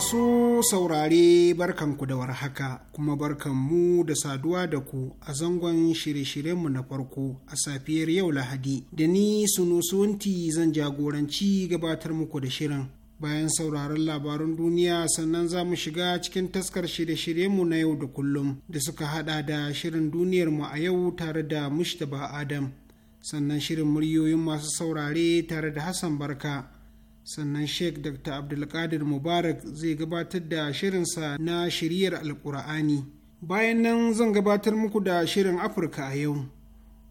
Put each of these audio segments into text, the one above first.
Masu saurare barkanku da warhaka kuma barkanmu da saduwa da ku a zangon shirye-shiryenmu na farko a safiyar yau Lahadi. Da ni sunusunti zan jagoranci gabatar muku da shirin. Bayan sauraron labarun duniya sannan za mu shiga cikin taskar shirye-shiryenmu na yau da kullum da suka hada da shirin duniyarmu a yau tare da Mushtaba Adam. Sannan shirin muryoyin masu saurare tare da Hassan Barka. sannan sheikh dr abdulkadir mubarak zai gabatar da shirinsa na shiriyar alkur'ani bayan nan zan gabatar muku da shirin afirka a yau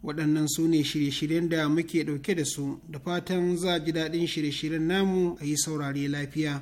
waɗannan su ne shirye-shiryen da muke ɗauke da su da fatan za ji daɗin shirye-shiryen namu a yi saurare lafiya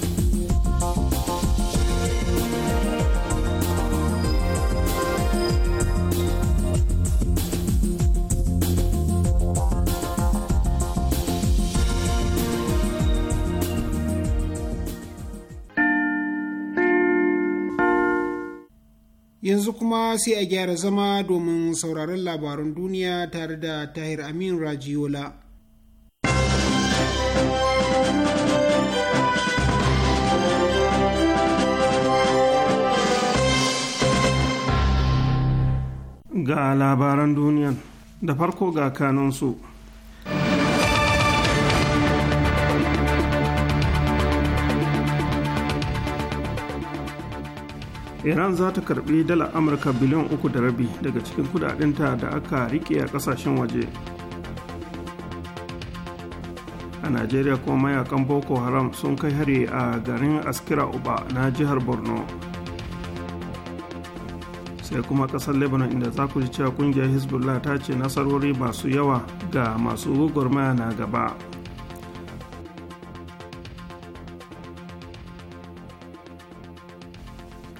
yanzu kuma sai a gyara zama domin sauraron labarun duniya tare da tahir amin rajiyola ga labaran duniyan da farko ga kanunsu iran za ta karbi dala amurka biliyan uku da rabi daga cikin kudadinta da aka rike a kasashen waje a najeriya kuma mayakan boko haram sun kai hari a garin askira uba na jihar borno sai kuma kasar lebanon inda za ku ji cewa kungiyar hezbollah ta ce nasarori masu yawa ga masu gwagwarmaya na gaba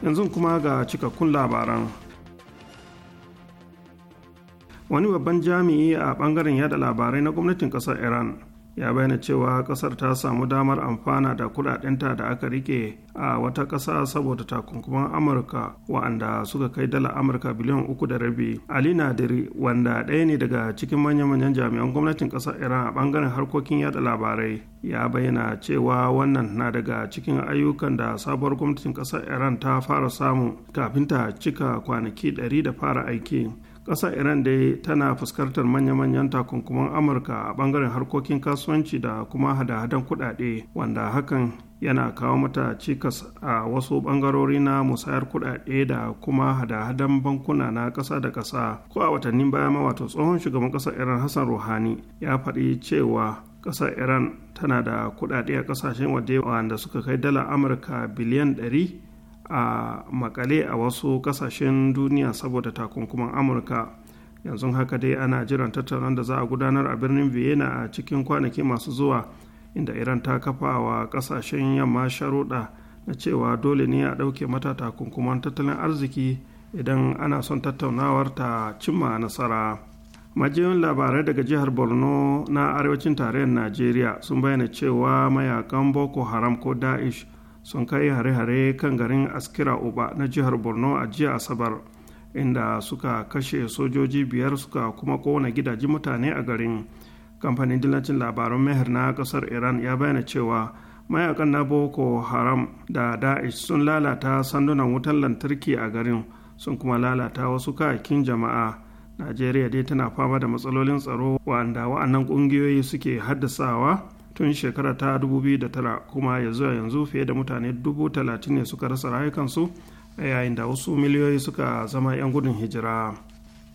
yanzu kuma ga cikakkun labaran wani babban jami'i a bangaren yada labarai na gwamnatin kasar iran ya bayyana cewa kasar ta samu damar amfana da kudadenta da aka rike a wata ƙasa saboda takunkuman amurka wa'anda suka kai dala amurka biliyan uku da rabi ali nadiri wanda ɗaya ne daga cikin manya-manyan jami'an gwamnatin ƙasar iran a ɓangaren harkokin yada labarai ya bayyana cewa wannan na daga cikin ayyukan da sabuwar gwamnatin ƙasar iran ta fara samu kafin ta cika kwanaki ɗari da fara aiki ƙasar iran dai tana fuskantar manya-manyan takunkuman amurka a bangaren harkokin kasuwanci da kuma hada-hadan kuɗaɗe wanda hakan yana kawo mata cikas a wasu bangarori na musayar kuɗaɗe da kuma hada-hadan bankuna na ƙasa da ƙasa ko a watannin baya ma wato tsohon shugaban ƙasar iran hassan ruhani ya faɗi cewa ƙasar iran tana da kuɗaɗe a ƙasashen waje wanda suka kai dala amurka biliyan ɗari. a makale a wasu kasashen duniya saboda takunkuman amurka yanzu haka dai ana jiran tattaunan da za a gudanar a birnin vienna a cikin kwanaki masu zuwa inda iran ta kafa wa kasashen yamma sharuɗa na cewa dole ne a ɗauke mata takunkuman tattalin arziki idan ana son tattaunawar ta cimma nasara majiyoyin labarai daga jihar borno na arewacin tarayyar najeriya sun bayyana cewa mayakan boko haram ko da'ish sun kai hare-hare kan garin askira Uba na jihar borno a jiya asabar inda suka kashe sojoji biyar suka kuma kowane gidajen mutane a garin kamfanin dillacin labaran meher na kasar iran ya bayyana cewa mayakan na boko haram da daesh sun lalata sandunan wutan lantarki a garin sun kuma lalata wasu kayakin jama'a najeriya dai tana fama da matsalolin tsaro wanda wa'annan ƙungiyoyi suke haddasawa tun shekara ta 2009 kuma ya zuwa yanzu fiye da mutane 30,000 ne suka rasa rayukansu a yayin da wasu miliyoyi suka zama 'yan gudun hijira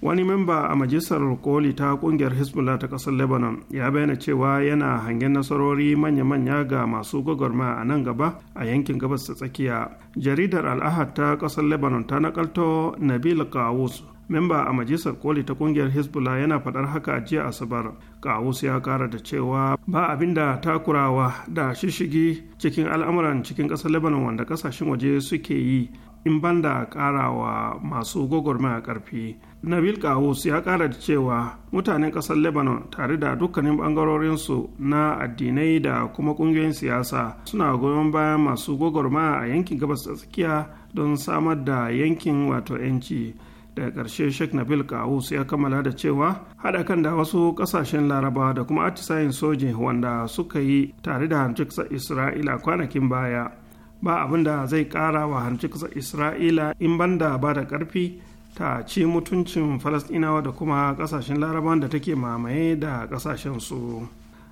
wani memba a majalisar koli ta kungiyar hezbollah ta kasar lebanon ya bayyana cewa yana hangen nasarori manya-manya ga masu gwagwarmaya a nan gaba a yankin gabas ta tsakiya jaridar al'ahad ta kasar lebanon ta nakalto nabil Kawus. memba a majalisar koli ta kungiyar hezbollah yana faɗar haka a jiya asabar kawus ya kara da cewa ba abin da takurawa da shishigi cikin al'amuran cikin ƙasar lebanon wanda ƙasashen waje suke yi in banda karawa masu gwagwarmaya ƙarfi nabil kawus ya kara da cewa mutanen ƙasar lebanon tare da dukkanin ɓangarorinsu na addinai da kuma ƙungiyoyin siyasa suna goyon bayan masu gwagwarmaya a yankin gabas tsakiya don samar da yankin wato 'yanci daga ƙarshe sheikh nabil kawus ya kammala da cewa haɗa kan da wasu ƙasashen laraba da kuma atisayin soji wanda suka yi tare da hancin isra'ila kwanakin baya ba abin da zai ƙara wa hancin isra'ila in banda ba da ƙarfi ta ci mutuncin falastinawa da kuma ƙasashen larabawan da take mamaye da ƙasashen su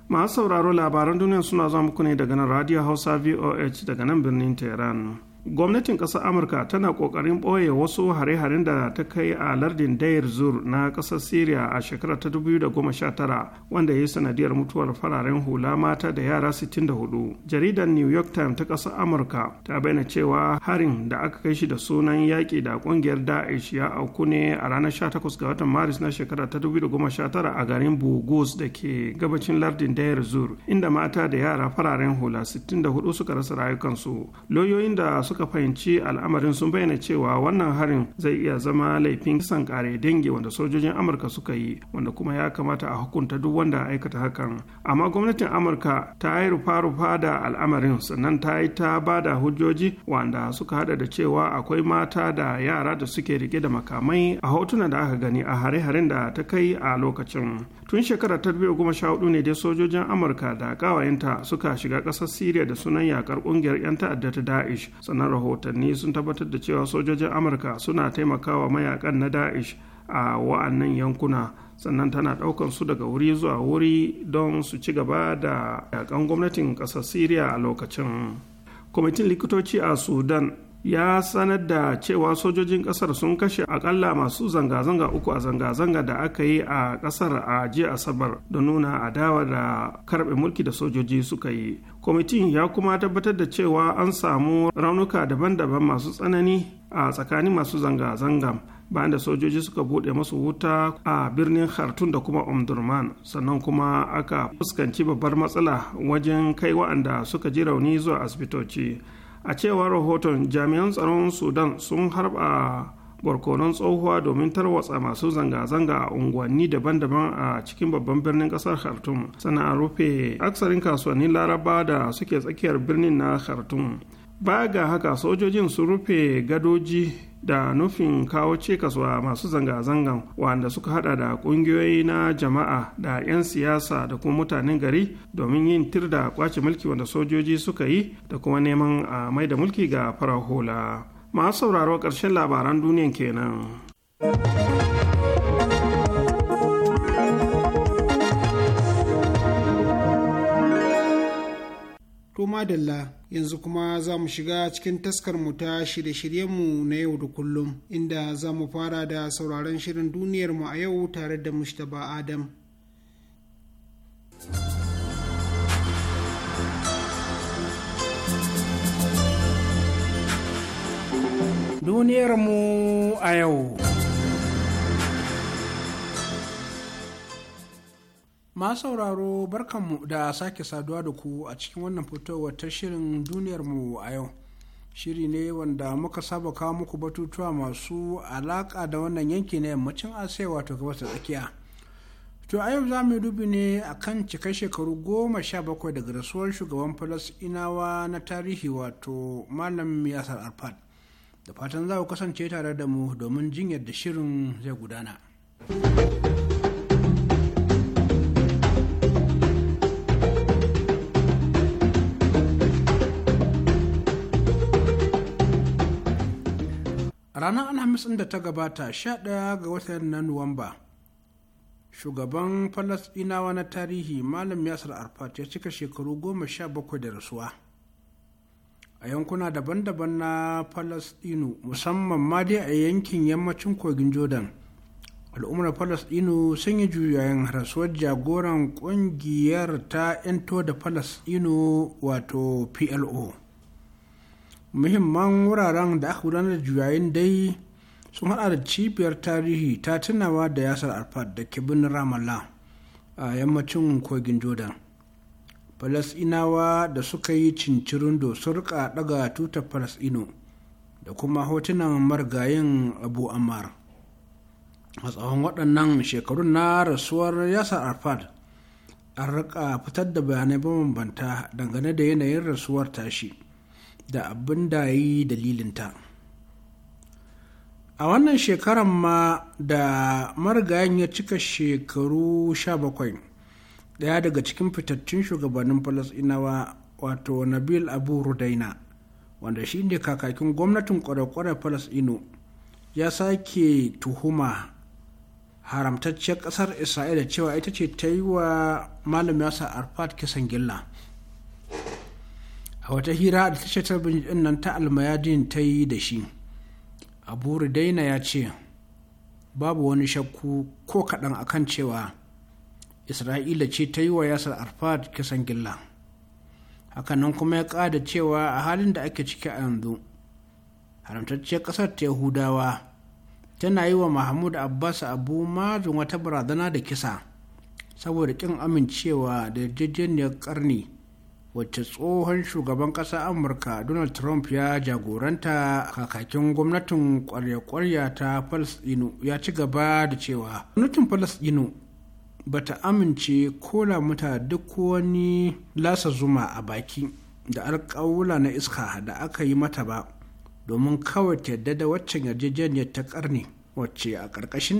masu sauraro labaran duniya suna zuwa muku ne daga nan radio hausa voh daga nan birnin tehran gwamnatin ƙasar amurka tana ƙoƙarin ɓoye wasu hare-haren da ta kai a lardin dayar zur na ƙasar syria a shekarar ta 2019 wanda ya yi sanadiyar mutuwar fararen hula mata da yara 64 jaridar new york times ta ƙasar amurka ta bayyana cewa harin da aka kai shi da sunan yaƙi da ƙungiyar daesh ya auku ne a ranar 18 ga watan maris na shekarar ta 2019 a garin bugus da ke gabacin lardin dayar zur inda mata da yara fararen hula 64 suka rasa rayukansu lauyoyin da suka suka fahimci al'amarin sun bayyana cewa wannan harin zai iya zama laifin kisan kare dangi wanda sojojin amurka suka yi wanda kuma ya kamata a hukunta duk wanda aikata hakan amma gwamnatin amurka ta yi rufa-rufa da al'amarin sannan ta yi ta ba da hujjoji wanda suka hada da cewa akwai mata da yara da suke rike da makamai a hotunan da aka gani a hare-haren da ta kai a lokacin tun shekarar ta goma sha hudu ne dai sojojin amurka da kawayenta suka shiga ƙasar syria da sunan yakar ƙungiyar 'yan ta'adda ta da'ish sannan rahotanni sun tabbatar da cewa sojojin amurka suna taimakawa mayakan na da'ish a wa'annan yankuna sannan tana ɗaukan su daga wuri zuwa wuri don su ci gaba da yakan gwamnatin ƙasar syria a lokacin kwamitin likitoci a sudan ya sanar da cewa sojojin kasar sun kashe akalla masu zanga-zanga uku a zanga-zanga da aka yi a kasar a jiya asabar da nuna adawa da karbe mulki da sojoji suka yi kwamitin ya kuma tabbatar da cewa an samu raunuka daban-daban masu tsanani a tsakanin masu zanga-zanga bayan da sojoji suka buɗe masu wuta a birnin khartoum da kuma omdurman sannan kuma aka fuskanci babbar matsala wajen kai wa'anda suka ji rauni zuwa asibitoci a cewar rahoton jami'an tsaron sudan sun harba barkonon tsohuwa domin tarwatsa masu zanga-zanga a unguwanni daban-daban a cikin babban birnin kasar khartoum sannan a rufe aksarin kasuwannin laraba da suke tsakiyar birnin na khartoum baya ga haka sojojin sun rufe gadoji da nufin kawo cikas wa masu zanga-zangan wanda suka hada da kungiyoyi na jama'a da 'yan siyasa da kuma mutanen gari domin yin tir da kwace mulki wanda sojoji suka yi da kuma neman a mai da mulki ga farar hula masu sauraro ƙarshen labaran duniyan kenan. Tuma yanzu kuma za mu shiga cikin taskar mu ta shirye-shiryenmu na yau da kullum inda za mu fara da sauraron shirin duniyarmu a yau tare da mushtaba adam mu a yau ma sauraro barkanmu da sake saduwa da ku a cikin wannan fitowar ta shirin duniyarmu a yau shiri ne wanda muka saba kawo muku batutuwa masu alaka da wannan yanki na yammacin asiya wato gabas ta tsakiya to a yau za mu dubi ne a kan cika shekaru goma sha bakwai daga rasuwar shugaban inawa na tarihi wato malam yasar arfad da fatan za ku kasance tare da mu domin jin yadda shirin zai gudana. a ranar alhamis da ta gabata 11 ga watan na nuwamba shugaban falasɗinawa na tarihi malam yasir arfat ya cika shekaru goma sha bakwai da rasuwa a yankuna daban-daban na falasɗinu musamman ma dai a yankin yammacin kogin jordan al'ummar falasɗinu sun yi juyayen rasuwar jagoran ƙungiyar ta 'yanto da falasɗinu wato plo muhimman wuraren da aka gudanar da juyayin dai sun hada da cibiyar tarihi ta tunawa da yasar arfad da ke birnin ramallah a yammacin kogin jordan falasinawa da suka yi cincirin sun riƙa daga tuta falasino da kuma hotunan margayin abu ammar a tsawon waɗannan shekarun na rasuwar yasar arfad an rika fitar da bayanai mabambanta dangane da yanayin rasuwar tashi da abin da ya yi dalilinta a wannan shekarar ma da marigayen ya cika shekaru 17 daya daga cikin fitattun shugabannin falasinawa wato nabil abu rudaina wanda shi ne kakakin gwamnatin kwarekwarar falasino ya sake tuhuma haramtacciyar ƙasar isra'ila cewa ita ce ta yi wa malam yasa arfad kisan gilla a wata hira da tashar talabijin din nan ta almayadin ta yi da shi abu daina ya ce babu wani shakku ko kaɗan akan cewa isra'ila ce ta yi wa yasar arfad kisan gilla hakanan kuma ya ƙada cewa a halin da ake ciki a yanzu haramtacciyar ƙasar ta yahudawa tana yi wa mahmud abbas abu mazin wata barazana da kisa saboda ƙin amincewa da yarjejeniyar ƙarni wacce tsohon shugaban ƙasa amurka donald trump ya jagoranta kakakin gwamnatin kwarya-kwarya ta palestino ya ci gaba da cewa gwamnatin palestino ba ta amince kola mata duk wani lasa zuma a baki da alƙawula na iska da aka yi mata ba domin kawai ta yadda da waccan yarjejeniyar ta ƙarni wacce a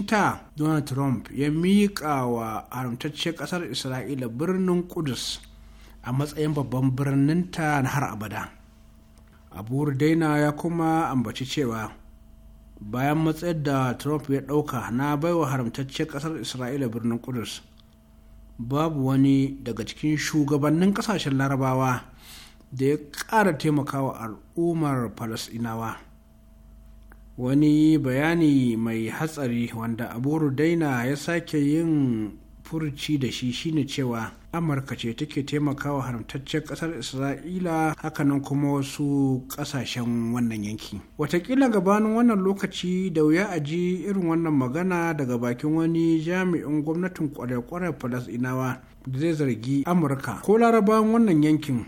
ta? donald trump ya miƙa wa haramtacciyar ƙasar isra'ila birnin kudus a matsayin babban birninta na har abada abu daina ya kuma ambaci cewa bayan matsayar da trump ya dauka na baiwa haramtaccen ƙasar isra'ila birnin kudus babu wani daga cikin shugabannin ƙasashen larabawa da ya ƙara taimakawa al'ummar falasinawa wani bayani mai hatsari wanda abu daina ya sake yin furci da shi shine cewa amurka ce take taimakawa haramtaccen kasar isra'ila hakanan kuma wasu kasashen wannan yanki watakila gabanin wannan lokaci da wuya a ji irin wannan magana daga bakin wani jami'in gwamnatin kwarai-kwarai falasinawa da zai zargi amurka ko larabawan wannan yankin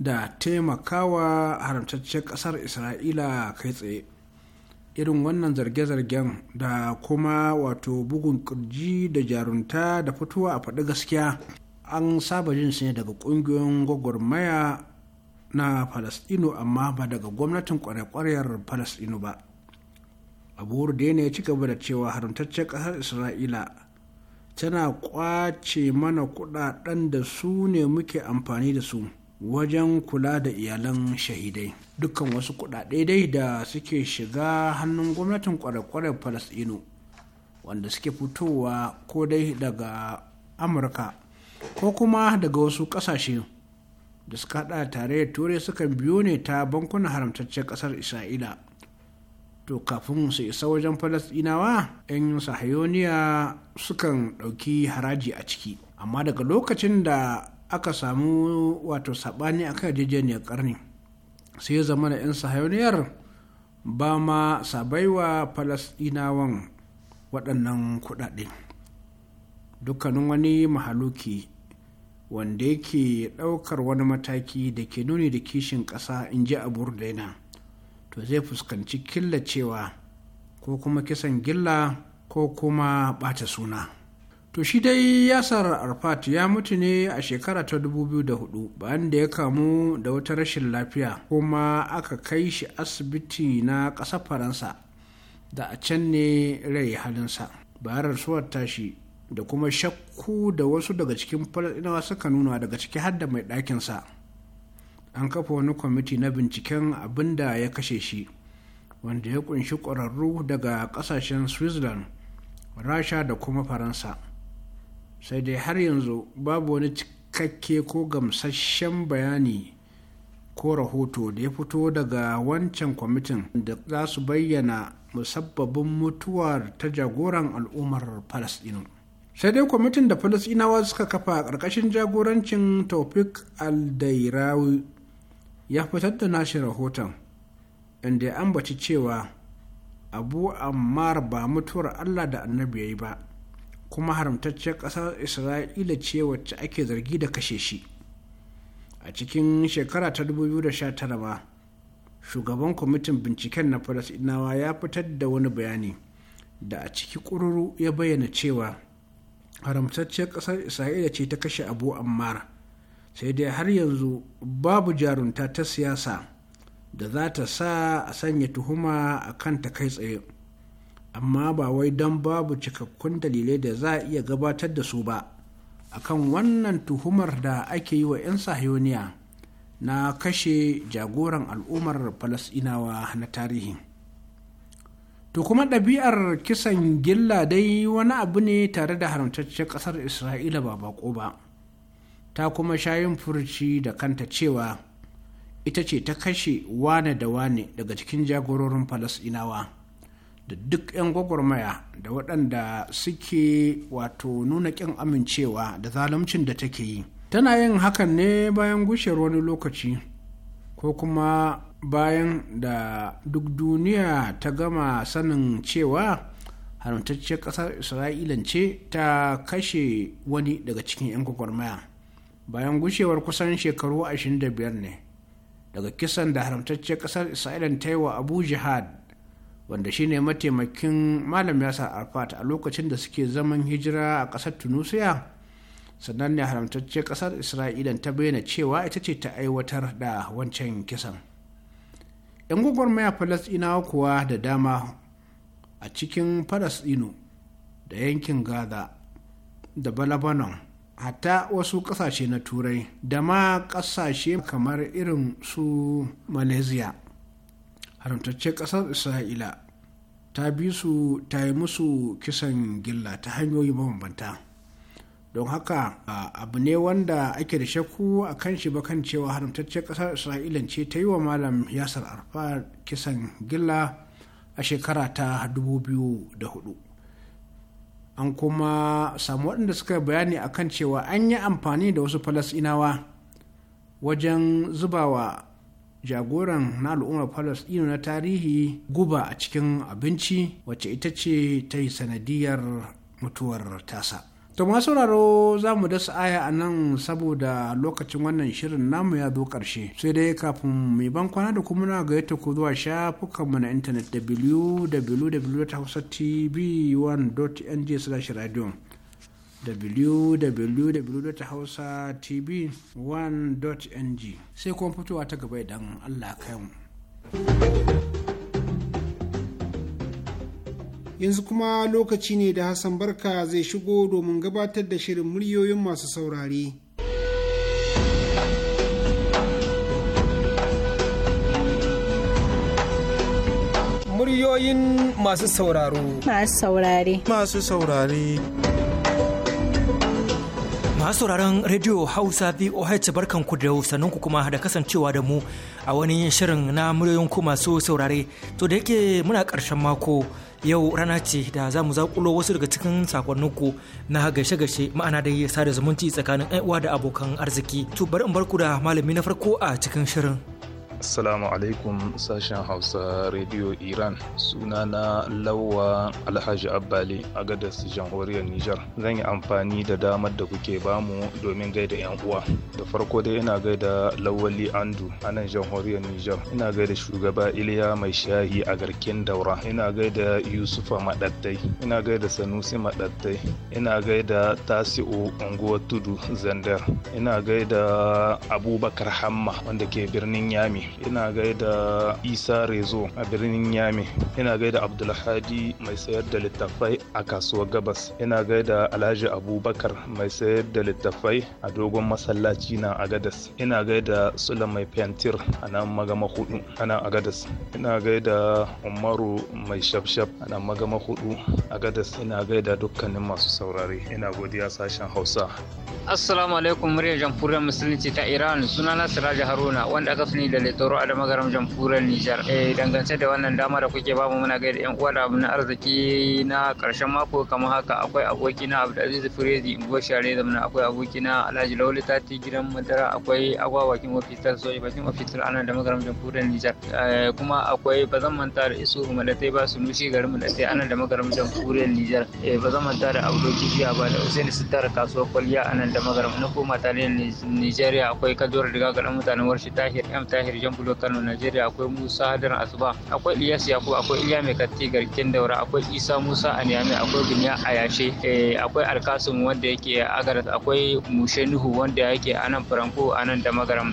da taimakawa haramtaccen kasar isra'ila kai tsaye irin wannan zarge-zargen da kuma wato bugun kirji da jarunta da fitowa a faɗi gaskiya an saba jin su ne daga ƙungiyoyin gwagwarmaya na falasɗinu amma ba daga gwamnatin kwarekwaryar falasɗinu ba abu ne ya ci gaba da cewa haramtaccen ƙasar isra'ila tana kwace mana kuɗaɗen da su ne muke amfani da su wajen kula da iyalan shahidai dukkan wasu kudade dai da suke shiga hannun gwamnatin kware kwarar Falasɗinu, wanda suke fitowa ko dai daga amurka ko kuma daga wasu kasashe da suka hada tare da turai sukan biyo ne ta bankunan haramtaccen kasar isra'ila to kafin su isa wajen Falasɗinawa, 'yan sahayoniya sukan ɗauki haraji a ciki amma daga lokacin da aka samu wato saɓani a kan karni ƙarni sai ya zama da 'yan sahayoniyar ba ma sabaiwa falasɗinawan waɗannan kuɗaɗe dukkanin wani mahaluki wanda yake ɗaukar wani mataki da ke nuni da kishin ƙasa in ji a burdaina to zai fuskanci killacewa ko kuma kisan gilla ko kuma ɓata suna. to shi dai yasar arfat ya mutu ne a shekara ta 2004 bayan da ya kamu da wata rashin lafiya kuma aka kai shi asibiti na ƙasar faransa da a can ne rai halinsa bayan rasuwar tashi da kuma shakku da wasu daga cikin falasɗinawa suka nuna daga ciki har da mai ɗakinsa an kafa wani kwamiti na binciken abin da ya kashe shi wanda ya kunshi ƙwararru daga ƙasashen switzerland rasha da kuma faransa sai dai har yanzu babu wani cikakke ko gamsasshen bayani ko rahoto da ya fito daga wancan kwamitin da za su bayyana musabbabin mutuwar ta jagoran al'ummar falasɗinu sai dai kwamitin da falasɗinawa suka kafa a ƙarƙashin jagorancin taufik aldairawi ya fitar da nashi rahoton inda ya ambaci cewa abu ammar ba mutuwar allah da annabi ya yi ba kuma haramtacciyar ƙasar isra'ila ce wacce ake zargi da kashe shi a cikin shekara ta 2019 ba shugaban kwamitin binciken na falasɗinawa ya fitar da wani bayani da a ciki ƙururu ya bayyana cewa haramtacciyar ƙasar isra'ila ce ta kashe abu ammar sai dai har yanzu babu jarunta ta siyasa da za ta sa a sanya tuhuma a ta kai tsaye amma ba wai don babu cikakkun dalilai da za a iya gabatar da su ba akan wannan tuhumar da ake yi wa 'yan sahiyoniya na kashe jagoran al'ummar falasinawa na tarihi to kuma ɗabi'ar kisan gilla dai wani abu ne tare da haramtaccen ƙasar isra'ila ba bako ba ta kuma shayin furci da kanta cewa ita ce ta kashe wane da wane daga cikin jagororin falasinawa da duk 'yan gwagwarmaya da waɗanda suke wato nuna ƙin amincewa da zaluncin da take yi tana yin hakan ne bayan gushewar wani lokaci ko kuma bayan da duk duniya ta gama sanin cewa haramtacciyar ƙasar isra'ilan ce ta kashe wani daga cikin 'yan gwagwarmaya bayan gushewar kusan shekaru 25 ne daga kisan da haramtacciyar ƙasar isra'ila ta yi wa abu jihad wanda shine mataimakin malam yasa arfat a lokacin da suke zaman hijira a ƙasar tunusiya sannan ne haramtacce ƙasar isra'ila ta bayyana cewa ita ce ta aiwatar da wancan kisan yan gwagwarmaya falasɗinawa kuwa da dama a cikin falasɗinu da yankin gaza da balabanon hatta wasu ƙasashe na turai da ma ƙasashe kamar irin su malaysia haramtacce ƙasar isra'ila ta bi su ta yi musu kisan gilla ta hanyoyi mabambanta don haka abu ne wanda ake da shakku a kan shi bakan cewa haramtaccen ƙasar isra'ila ce ta yi wa malam yasar arfa kisan gilla a shekara ta 2004 an kuma samu waɗanda suka bayani a kan cewa an yi amfani da wasu falasinawa wajen zubawa jagoran na al'ummar palestino na tarihi guba a cikin abinci wacce ita ce ta yi sanadiyar mutuwar tasa to masu sauraro za mu dasa aya a nan saboda lokacin wannan shirin namu ya zo karshe sai dai kafin mai ban da kuma na gayyata ku zuwa shafukanmu na intanet www.hausatv1.ng/radio www.hausatv1.ng sai kuma fitowa ta gaba idan Allah kai mu. Yanzu kuma lokaci ne da Hassan Barka zai shigo domin gabatar da shirin muryoyin masu saurare. Muryoyin masu sauraro. Masu saurare. Masu saurare. Masu sauraron rediyo Hausa VOH barkanku da ku kuma da kasancewa da mu a wani shirin na muryoyin ku masu saurare. To da yake muna karshen mako yau rana ce da za mu zaƙulo wasu daga cikin sakonninku na gashe-gashe ma'ana da yi sada zumunci tsakanin uwa da abokan arziki. To bari in barku da malami na farko a cikin shirin. Assalamu alaikum sashen Hausa Radio Iran. Sunana Lawa Alhaji Abbali a gadas jamhuriyar Nijar. Zan yi amfani da damar da kuke bamu domin gaida 'yan uwa. Da farko dai ina gaida Lawali Andu a nan jamhuriyar Nijar. Ina gaida shugaba Iliya Mai Shahi a garkin Daura. Ina gaida Yusufa Maɗattai. Ina gaida Sanusi Maɗattai. Ina gaida Tasi'u Unguwar Tudu Zandar. Ina gaida Abubakar Hamma wanda ke birnin Yami. ina gaida isa rezo a birnin yami. ina gaida abdulhadi mai sayar da littafai a kasuwar gabas ina gaida alhaji abubakar mai sayar da littafai a dogon masallaci na agadas ina gaida sula mai fentir a nan magama hudu a nan agadas ina gaida umaru mai shafshaf a nan magama hudu agadas ina gaida dukkanin masu saurare ina godiya sashen hausa assalamu alaikum muryar jamhuriyar musulunci ta iran sunana siraja haruna wanda aka sani da Toro a damagaram jamhuriyar Nijar. Eh dangance da wannan dama da kuke mu muna gaida yan uwa da abin arziki na karshen mako kamar haka akwai aboki na Abdulaziz Firezi Ingo Share da muna akwai aboki na Alhaji Lawli Tati gidan madara akwai agwa bakin ofisar soji bakin ofisar ana damagaram jamhuriyar Nijar. Eh, kuma akwai ba zan manta da isu malatai ba su nushi garin malatai ana damagaram jamhuriyar Nijar. Eh ba zan manta da Abdulaziz Jiya ba da Hussein Sitar kasuwar kwalliya anan da magaram na koma tare Nijeriya akwai kajuwar daga ga mutanen warshi Tahir M Tahir Malam Bulo Kano Najeriya akwai Musa Hadar Asuba akwai Ilyas Yakubu akwai Iliya Mai Katti Garkin Daura akwai Isa Musa Aniyami akwai Bunya Ayashe eh, akwai Alkasum wanda yake Agaras akwai Mushe Nuhu wanda yake anan Franko anan da Magaram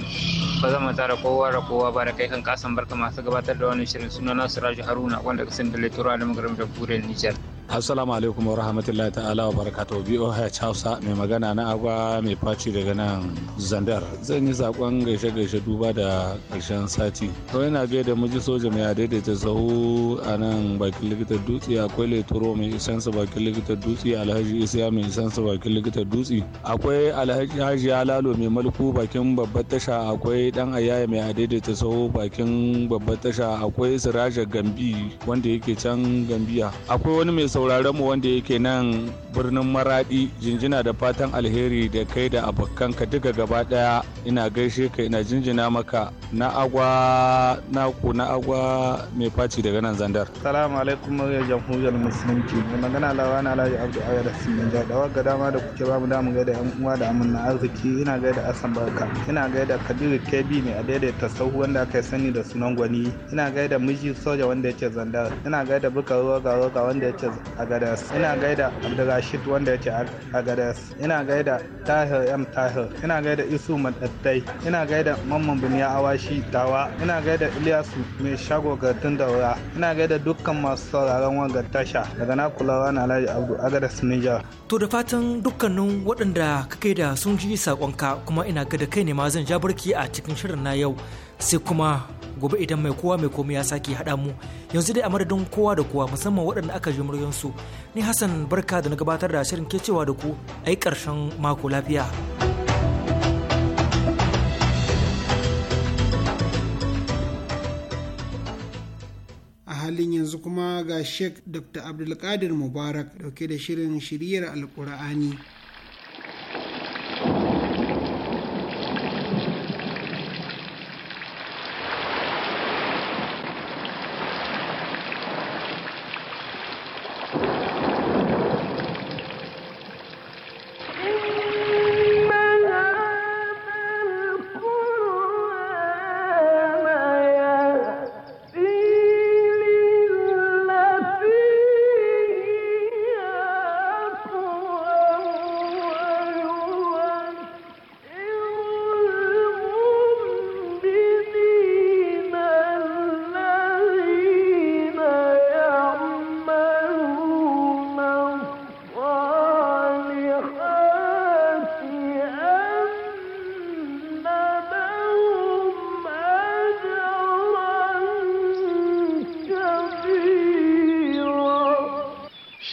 ba zan manta da kowa da kowa ba da kai kan kasan barka masu gabatar da wannan shirin suna Nasiru Haruna wanda kasan da Lettura da Magaram da Buren Nijar. assalamu alaikum wa rahmatullahi ta'ala wa barakatuh BOH Hausa mai magana na agwa mai faci daga nan Zandar zan yi sakon gaishe gaishe duba da karshen sati to yana gaida da miji soja mai daidaita zahu a nan bakin likitar dutse akwai leturo mai isansa bakin likitar dutse alhaji isiya mai isansa bakin likitar dutse akwai alhaji alalo mai malku bakin babbar tasha akwai dan ayaya mai daidaita zahu bakin babbar tasha akwai siraja gambi wanda yake can gambiya akwai wani mai sauraron mu wanda yake nan birnin maradi jinjina da fatan alheri da kai da abokanka duka gaba daya ina gaishe ka ina jinjina maka na agwa na ku na agwa mai faci daga nan zandar salamu alaikum ya jamhuriyar musulunci mai magana na alhaji abdu aya da sun ja da ga dama da kuke bamu damu gaida yan uwa da amanna arziki ina gaida asan barka ina gaida kabiru kebi mai daidai sahu wanda aka sani da sunan gwani ina gaida miji soja wanda yake zandar ina gaida buka roga roga wanda yake agadas ina eh. gaida abdulrashid wanda yake agadas ina gaida tahir m tahir ina gaida isu madadai. ina gaida mamman binya awashi tawa ina gaida iliyasu mai shago ga daura ina gaida dukkan masu sauraron wangar tasha daga na kulawa na alhaji abdu agadas niger to da fatan dukkanin waɗanda kake da sun ji saƙonka kuma ina gada kai ne ma zan ja barki a cikin shirin na yau sai kuma gobe idan mai kowa mai komai ya sake haɗa mu yanzu dai a madadin kowa da kowa musamman waɗanda aka ji muryansu ni hassan barka da na gabatar da shirin cewa da ku a yi ƙarshen mako lafiya. a halin yanzu kuma ga Sheikh Dr. Abdulkadir Mubarak dauke da shirin shiriyar Alkur'ani.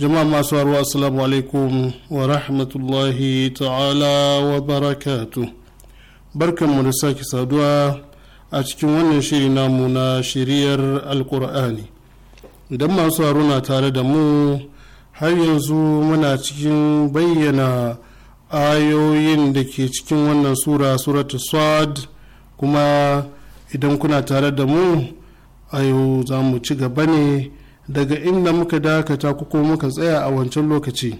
jama'a masu haruwa assalamu alaikum wa rahmatullahi ta'ala wa barakatu mu da sake saduwa a cikin wannan shiri namu na shiriyar alkur'ani idan masu haru na tare da mu har yanzu muna cikin bayyana ayoyin da ke cikin wannan sura suratu swad kuma idan kuna tare da mu a yau za mu ci gaba ne daga inda muka dakata ko muka tsaya a wancan lokaci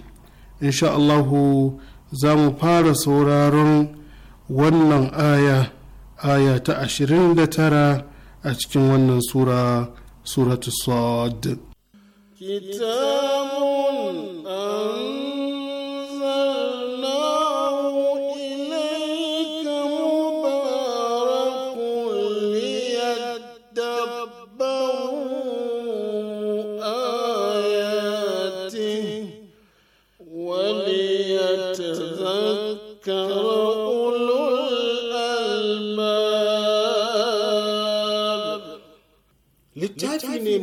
insha Allahu za mu fara sauraron wannan aya aya ta 29 a cikin wannan sura suratu sad kitabun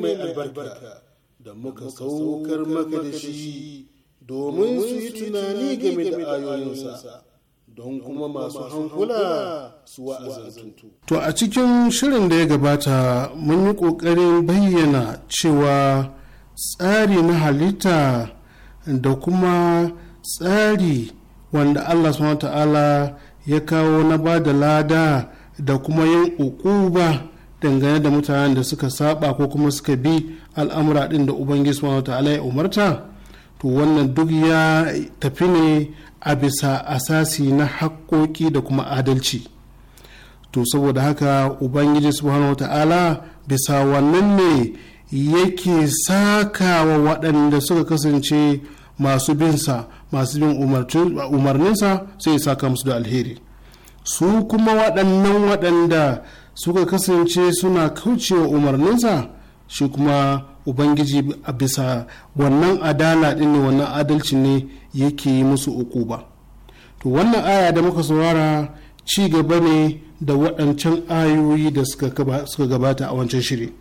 mai albarka da muka saukar maka da shi domin su yi tunani game da ayoyinsa don kuma masu hankula su wa'azantu. To a cikin shirin da ya gabata mun yi ƙoƙarin bayyana cewa tsari na halitta da kuma tsari wanda Allah subhanahu ta'ala ya kawo na ba da lada da kuma yin ukuba dangane da mutanen da suka saba ko kuma suka bi al'amura ɗin da ubangiji subhanahu ta'ala ya umarta to wannan duk ya tafi ne a bisa asasi na haƙƙoƙi da kuma adalci to saboda haka ubangiji subhanahu ta'ala bisa wannan ne yake sakawa waɗanda suka kasance masu binsa masu bin umarninsa sai ya saka musu da alheri su kuma waɗannan waɗanda suka kasance suna kaucewa umarninsa shi kuma ubangiji a bisa wannan adala ɗin ne wannan adalci ne yake yi musu uku ba to wannan aya da muka saurara ci gaba ne da waɗancan ayoyi da suka gabata a wancan shiri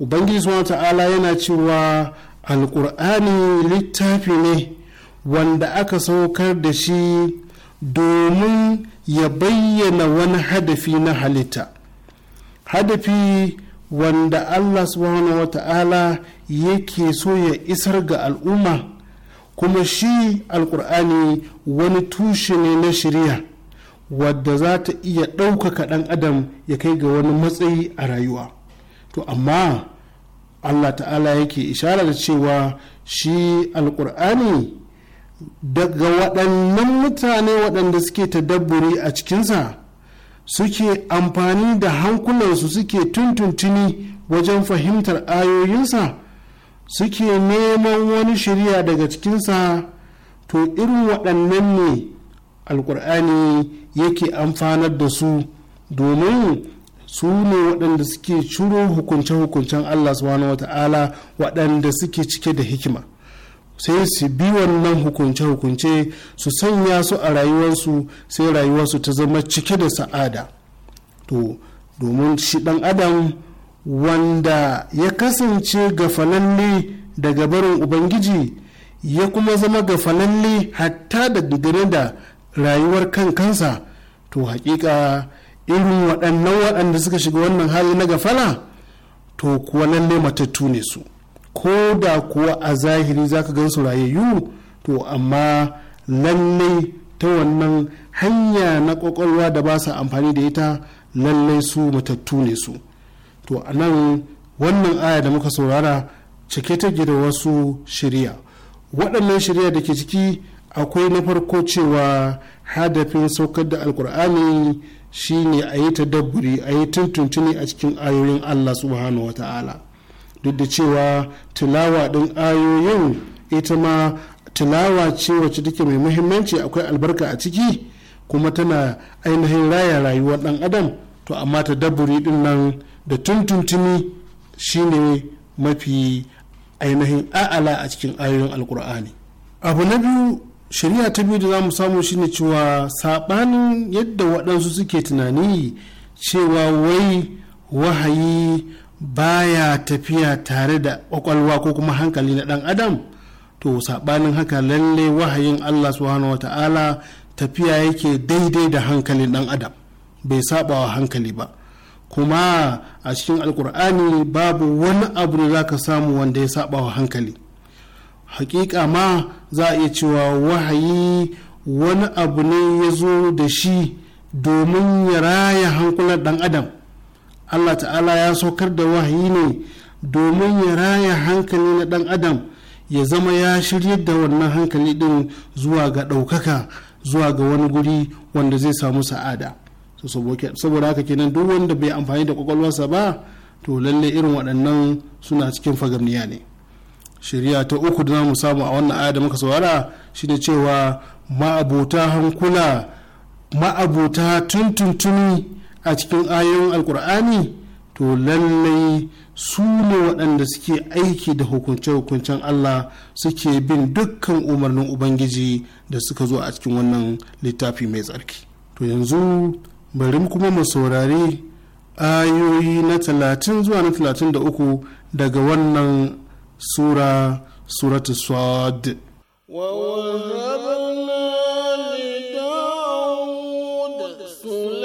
ubangiji suna ta'ala yana cewa alkur'ani littafi ne wanda aka saukar da shi domin ya bayyana wani hadafi na halitta hadafi wanda allah subhanahu wa ta'ala yake so ya isar ga al'umma kuma shi alkur'ani wani tushe ne na shirya wadda za ta iya ɗaukaka ɗan adam ya kai ga wani matsayi a rayuwa to amma allah ta'ala yake ishara da cewa shi alkur'ani daga waɗannan mutane waɗanda suke tadabburi a cikinsa suke amfani da hankulansu suke tuntuntuni wajen fahimtar ayoyinsa suke neman wani shirya daga cikinsa to irin waɗannan ne alkur'ani yake amfanar da su domin su ne waɗanda suke ciro hukunce-hukuncen allah subhanahu ta'ala waɗanda suke cike da hikima sai su bi wannan hukunce-hukunce su sanya su a rayuwarsu sai rayuwarsu ta zama cike da sa'ada to domin shi dan adam wanda ya kasance gafalalle daga barin ubangiji ya kuma zama gafalalle hatta da dangane da rayuwar kan kansa to hakika irin waɗannan waɗanda suka shiga wannan hali na gafala to kuwa lalle matattu ne su ko da kuwa a zahiri za ka gansu rayayyu to amma lallai ta wannan hanya na kwakwalwa da ba sa amfani da ita lallai su matattu ne su to a nan wannan aya da muka saurara cike ta da wasu shirya waɗannan shirya da ke ciki akwai na farko cewa hadafin saukar da alkur'ani shine a yi ta dabburi a yi tuntuntuni a cikin ayoyin allah subhanahu wa ta'ala duk da cewa tilawa ɗin ayoyin ita ma tilawa ce wacce take mai muhimmanci akwai albarka a ciki kuma tana ainihin raya rayuwar ɗan adam to amma ta daburi ɗin nan da tuntuntuni shine mafi ainihin a'ala a cikin ayoyin alkur'ani abu na biyu shari'a ta biyu da za mu samu shine cewa saɓanin yadda waɗansu suke tunani cewa wai wahayi baya tafiya tare da kwakwalwa ko kuma hankali na dan adam to sabanin haka lalle wahayin Allah subhanahu wata'ala tafiya yake daidai da hankalin dan adam bai saba wa hankali ba kuma a cikin alkur'ani babu wani abu da zaka samu wanda ya saba wa hankali hakika ma za a iya cewa wahayi wani abu ne ya zo da shi domin ya raya hankulan dan adam allah ta'ala ya saukar da wahayi ne domin ya raya hankali na ɗan adam ya zama ya shirya da wannan hankali din zuwa ga ɗaukaka zuwa ga wani guri wanda zai samu sa'ada saboda haka kenan duk wanda bai amfani da kwakwalwarsa ba to lalle irin waɗannan suna cikin fagamniya ne shirya ta uku da mu samu a wannan aya da muka saurara shine cewa ma'abuta hankula ma'abuta tuntuntuni a cikin ayoyin alkur'ani to lallai su ne waɗanda suke aiki da hukunce-hukuncen Allah suke bin dukkan umarnin Ubangiji da suka zo a cikin wannan littafi mai tsarki. To yanzu bari kuma mu saurari ayoyi na talatin zuwa na talatin da uku daga wannan sura suratu Sad. ووهبنا da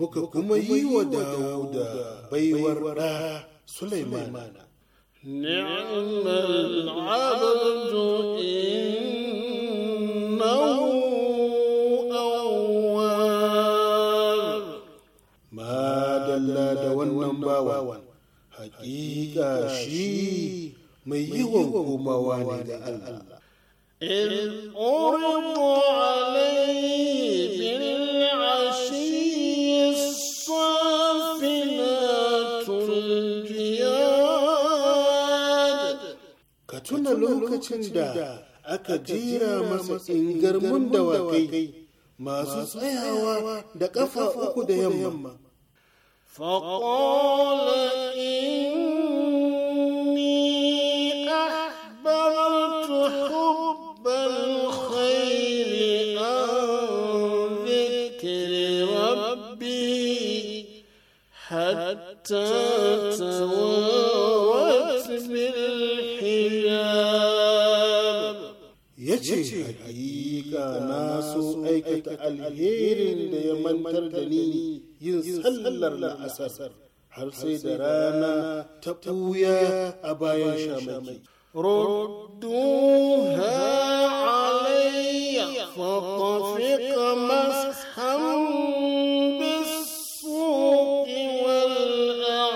muka kuma yi wa Dawuda baiwar ɗa Sulaimana. Ni'mal abdu innahu awwab. Madalla da wannan bawan, hakika shi mai wa komawa ne ga Allah. إذ أرض عليه lokacin da aka jira masa ingarmun dawakai masu tsayawa da ƙafa uku da yamma. فقال إني أحببت حب الخير عن ذكر ربي aikata alherin da ya mantar da ni yin sallar la'asar har sai da rana ta ɓuya a bayan shamai. ردوها علي فطفق مسحا بالسوق والأعناق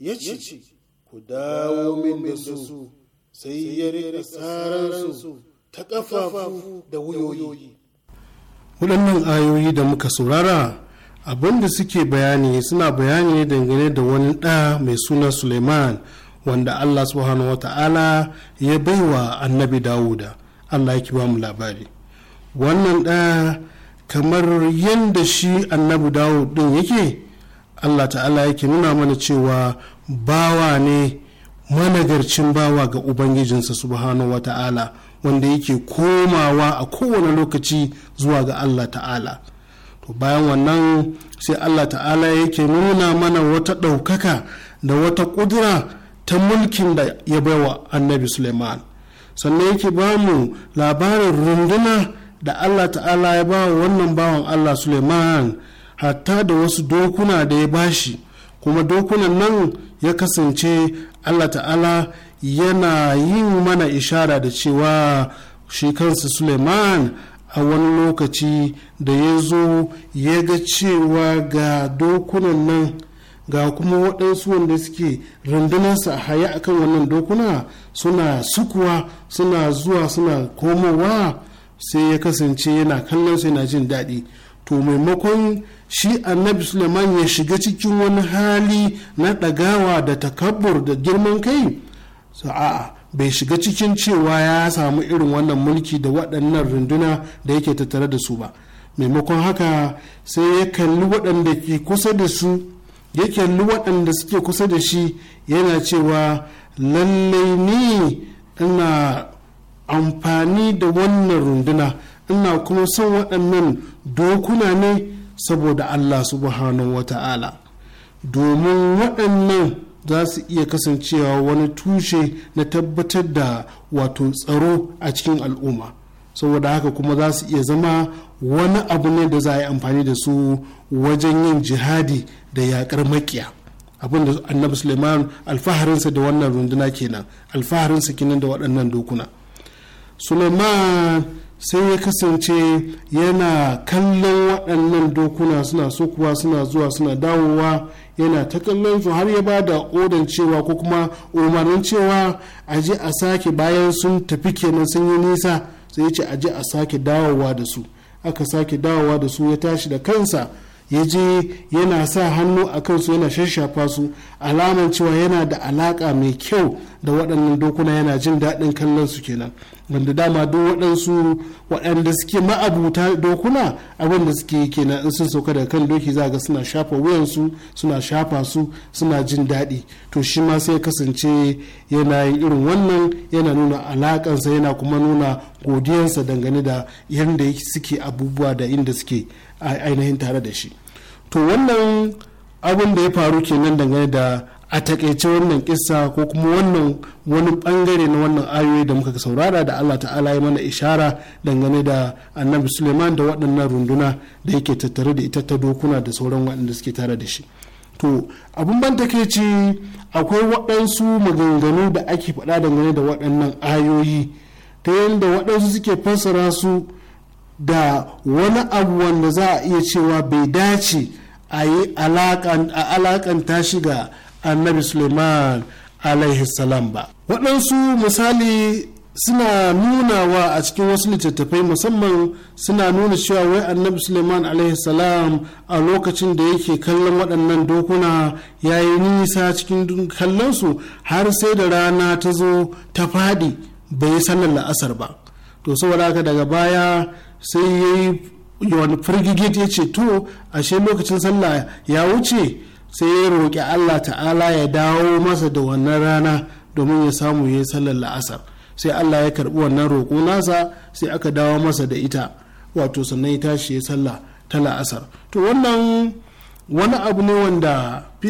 يجي ku dawo min da su sai ya riƙa su ta ƙafafu da wuyoyi. Waɗannan ayoyi da muka saurara abin da suke bayani suna bayani dangane da wani ɗa mai suna Suleiman wanda Allah subhanahu wa ta'ala ya baiwa annabi Dawuda. Allah yake ba mu labari. Wannan ɗa kamar yadda shi annabi Dawud ɗin yake Allah ta'ala yake nuna mana cewa bawa ne managarcin bawa ga Ubangijinsa subhanahu wa ta'ala. wanda yake komawa a kowane lokaci zuwa ga Allah ta'ala to bayan wannan sai Allah ta'ala yake nuna mana wata ɗaukaka da wata ƙudura ta mulkin da ya baiwa annabi Suleiman sannan yake ba mu labarin runduna da Allah ta'ala ya ba wannan bawan Allah Suleiman hatta da wasu dokuna da ya bashi kuma dokunan nan ya kasance Allah ta'ala yana yin mana ishara da cewa shi kansa suleiman a wani lokaci da ya zo ya ga cewa ga dokunan nan ga kuma waɗansu wanda suke rundunarsa a haya akan wannan dokuna suna sukuwa suna zuwa suna komowa sai ya kasance yana kallon sai na jin daɗi to maimakon shi annabi suleiman ya shiga cikin wani hali na ɗagawa da takabbur da girman kai so a'a bai shiga cikin cewa ya samu irin wannan mulki da waɗannan runduna da yake tattare da su ba maimakon haka sai ya kalli waɗanda ke kusa da su ya kalli waɗanda suke kusa da shi yana cewa lallai ni ina amfani da wannan runduna ina kuma son waɗannan dokuna ne saboda allah subhanahu wata'ala domin waɗannan za su iya kasancewa wani tushe na tabbatar da wato tsaro a cikin al'umma saboda haka kuma za su iya zama wani abu ne da za a yi amfani da su wajen yin jihadi da yakar makiya abin da annabi suleiman alfaharinsa da wannan runduna kenan alfaharinsa kenan da waɗannan dokuna suleiman sai ya kasance yana kallon waɗannan dokuna suna sokuwa suna zuwa suna dawowa yana ta kallon su har ya ba da odan cewa ko kuma umarnin cewa a je a sake bayan sun tafi kenan sun yi nisa sai ya ce a je a sake dawowa da su aka sake dawowa da su ya tashi da kansa ya je yana sa hannu a kansu yana shashafa su alaman cewa yana da alaka mai kyau da waɗannan dokuna yana jin daɗin kallon su kenan wanda dama duk waɗansu waɗanda suke ma'abuta dokuna abin da suke kenan in sun sauka da kan doki za ga suna shafa wuyansu suna shafa su suna jin daɗi to shi ma sai kasance yana yin irin wannan yana nuna alakansa yana kuma nuna godiyansa dangane da yadda suke abubuwa da inda suke ainihin tare da shi to wannan abin da ya faru kenan dangane da a takaice wannan kisa ko kuma wannan wani bangare na wannan ayoyi da muka saurara da Allah ta'ala ya mana ishara dangane da annabi suleiman da waɗannan runduna da yake tattare da ita ta dokuna da sauran waɗanda suke tare da shi to abin ban takaici akwai waɗansu maganganu da ake faɗa dangane da waɗannan ayoyi ta yadda waɗansu suke fassara su da wani abu wanda za a iya cewa bai dace a yi alakanta shi ga annabi suleiman salam ba waɗansu misali suna nunawa a cikin wasu littattafai musamman suna nuna cewa wai annabi suleiman salam a lokacin da yake kallon waɗannan dokuna ya yi nisa cikin kallonsu har sai da rana ta zo ta faɗi bai yi la'asar ba to saboda haka daga baya sai ya yi wani firgigit ya ce to ashe lokacin sallah ya wuce sai ya roƙi allah ta'ala ya dawo masa da wannan rana domin ya samu ya yi sallar la'asar sai allah ya karɓi wannan roƙo nasa sai aka dawo masa da ita wato sannan ya tashi ya sallah ta la'asar to wannan wani abu ne wanda fi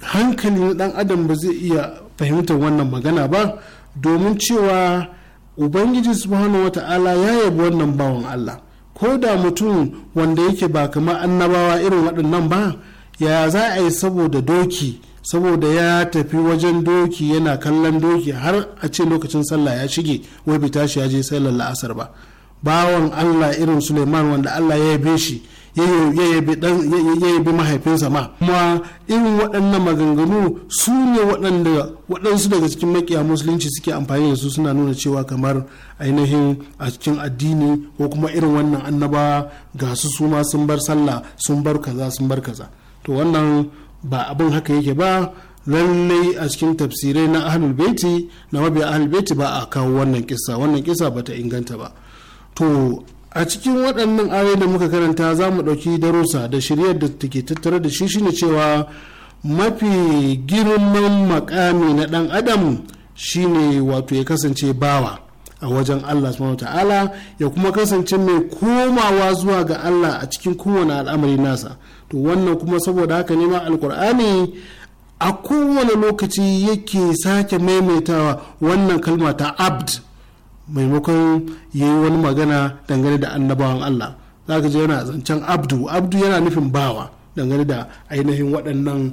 hankali na dan adam ba zai iya fahimtar wannan magana ba domin cewa ubangiji subhanahu wata'ala ya yabi wannan bawan allah ko da mutum wanda yake ba kamar annabawa irin waɗannan ba ya za a yi saboda doki saboda ya tafi wajen doki yana kallon doki har a ce lokacin sallah ya shige wai bai tashi ya je sallar la'asar ba bawan allah irin suleiman wanda allah ya yabe shi ya yabi mahaifinsa ma kuma irin waɗannan maganganu su ne waɗansu daga cikin makiya musulunci suke amfani da su suna nuna cewa kamar ainihin a cikin addini ko kuma irin wannan annabawa ga su su ma sun bar sallah sun bar kaza sun bar kaza to wannan ba abin haka yake ba lallai a cikin tafsirai na ahlul baiti na mabiya ahlul baiti ba a kawo wannan kisa wannan kisa bata inganta ba to a cikin waɗannan ayoyi da muka karanta za mu ɗauki darussa da shiryar da take tattare da shi shine cewa mafi girman makami na ɗan adam shine wato ya kasance bawa a wajen Allah subhanahu ta'ala ya kuma kasance mai komawa zuwa ga Allah a cikin kowane al'amari nasa to wannan kuma saboda haka ne ma alkur'ani a kowane lokaci yake sake maimaitawa wannan kalma ta abd maimakon ya yi wani magana dangane da annabawan Allah za ka je yana zancen abdu abdu yana nufin bawa dangane da ainihin waɗannan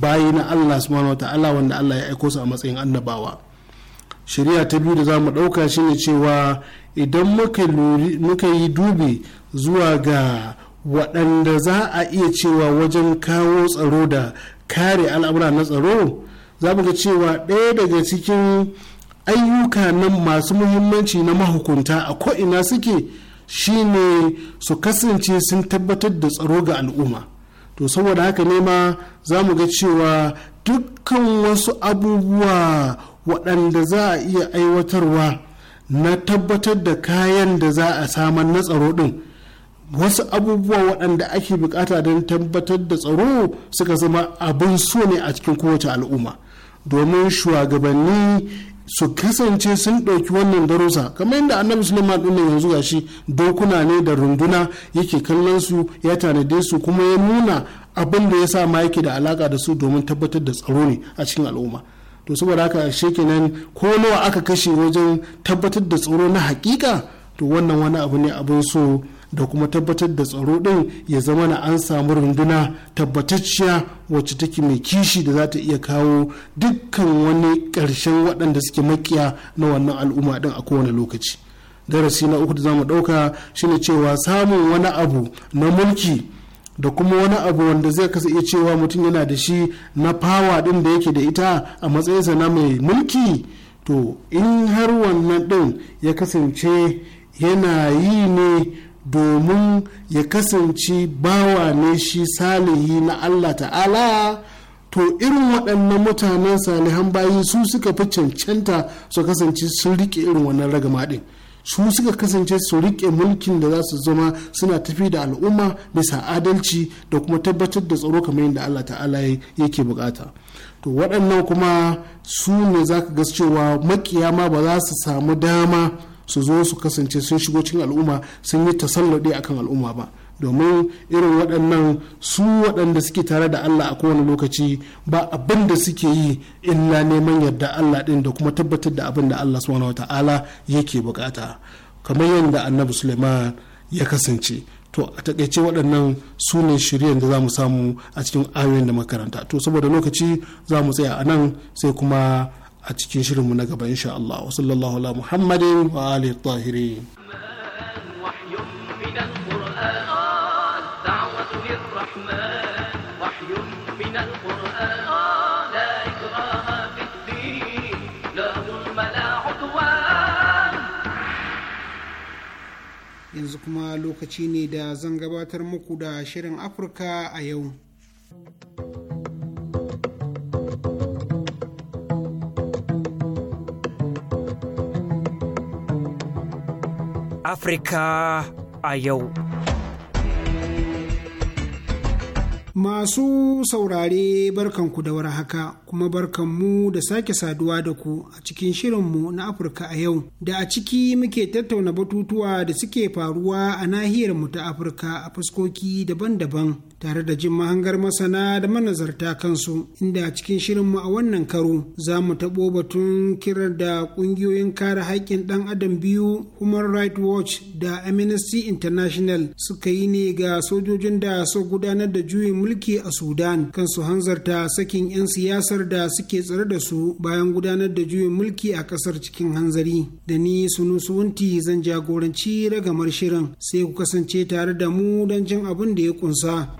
bayi na Allah subhanahu ta'ala wanda Allah ya aiko su a matsayin annabawa shari'a ta biyu da za mu ɗauka shine cewa idan muka yi dubi zuwa ga waɗanda za a iya cewa wajen kawo tsaro da kare al'amura na tsaro za mu ga cewa ɗaya daga cikin ayyuka nan masu muhimmanci na mahukunta a ko'ina suke shine su kasance sun tabbatar da tsaro ga al'umma to saboda haka ne ma za mu ga cewa dukkan wasu abubuwa waɗanda za a iya aiwatarwa na tabbatar da kayan da za a samar na tsaro ɗin wasu abubuwa waɗanda ake bukata don tabbatar da tsaro suka zama abin so ne a cikin kowace al'umma domin shugabanni su kasance sun ɗauki wannan darusa kamar yadda annabi suleiman ɗin yanzu gashi dokuna ne da runduna yake kallon su ya tanade su kuma ya nuna abin da ya sa ma yake da alaka da su domin tabbatar da tsaro ne a cikin al'umma to saboda haka shekenan ko nawa aka kashe wajen tabbatar da tsaro na hakika to wannan wani abu ne abin so da kuma tabbatar da tsaro ɗin ya zama na an samu runduna tabbatacciya wacce take mai kishi da za ta iya kawo dukkan wani ƙarshen waɗanda suke makiya na wannan al'umma ɗin a kowane lokaci darasi na uku da za mu ɗauka shine cewa samun wani abu na mulki da kuma wani abu wanda zai kasa iya cewa mutum yana da shi na fawa ɗin da yake da ita a matsayinsa na mai mulki to in har wannan ɗin ya kasance yana yi ne domin ya kasance bawa ne shi salihi na Allah ta'ala to irin waɗannan mutanen salihan bayi su suka fi cancanta su kasance sun rike irin wannan ragama ɗin su suka kasance su rike mulkin da za su zama suna tafi da al'umma bisa adalci da kuma tabbatar da tsaro kamar yadda Allah ta'ala yake bukata to waɗannan kuma su ne za ka ga cewa makiyama ba za su samu dama su zo su kasance sun shigo cikin al'umma sun yi tasallaɗe akan al'umma ba domin irin waɗannan su waɗanda suke tare da Allah a kowane lokaci ba abin da suke yi illa neman yadda Allah ɗin da kuma tabbatar da abin da Allah subhanahu ta'ala yake bukata kamar yadda annabi Suleiman ya kasance to a takaice waɗannan su ne shiryen da za mu samu a cikin ayoyin da makaranta to saboda lokaci za mu tsaya a nan sai kuma a cikin shirinmu na gaba insha Allah wa sallallahu ala muhammadin wa alihi tahirin yanzu kuma lokaci ne da zan gabatar muku da shirin afirka a yau Afirka a yau. Masu saurare barkanku da haka. kuma barkan mu da sake saduwa da ku a cikin shirin mu na Afirka a yau da a ciki muke tattauna batutuwa da suke faruwa a nahiyar mu ta Afirka a fuskoki daban-daban tare da jin mahangar masana da manazarta kansu inda a cikin mu a wannan karo za mu taɓo batun kirar da ƙungiyoyin kare haƙƙin ɗan adam biyu Human Rights Watch da Amnesty International suka yi ne ga sojojin da so gudanar da juyin mulki a Sudan kan su hanzarta sakin 'yan siyasar kasar da suke tsare da su bayan gudanar da juyin mulki a kasar cikin hanzari da ni sunu suwunti zan jagoranci ragamar shirin sai ku kasance tare da mu don jin abin da ya kunsa.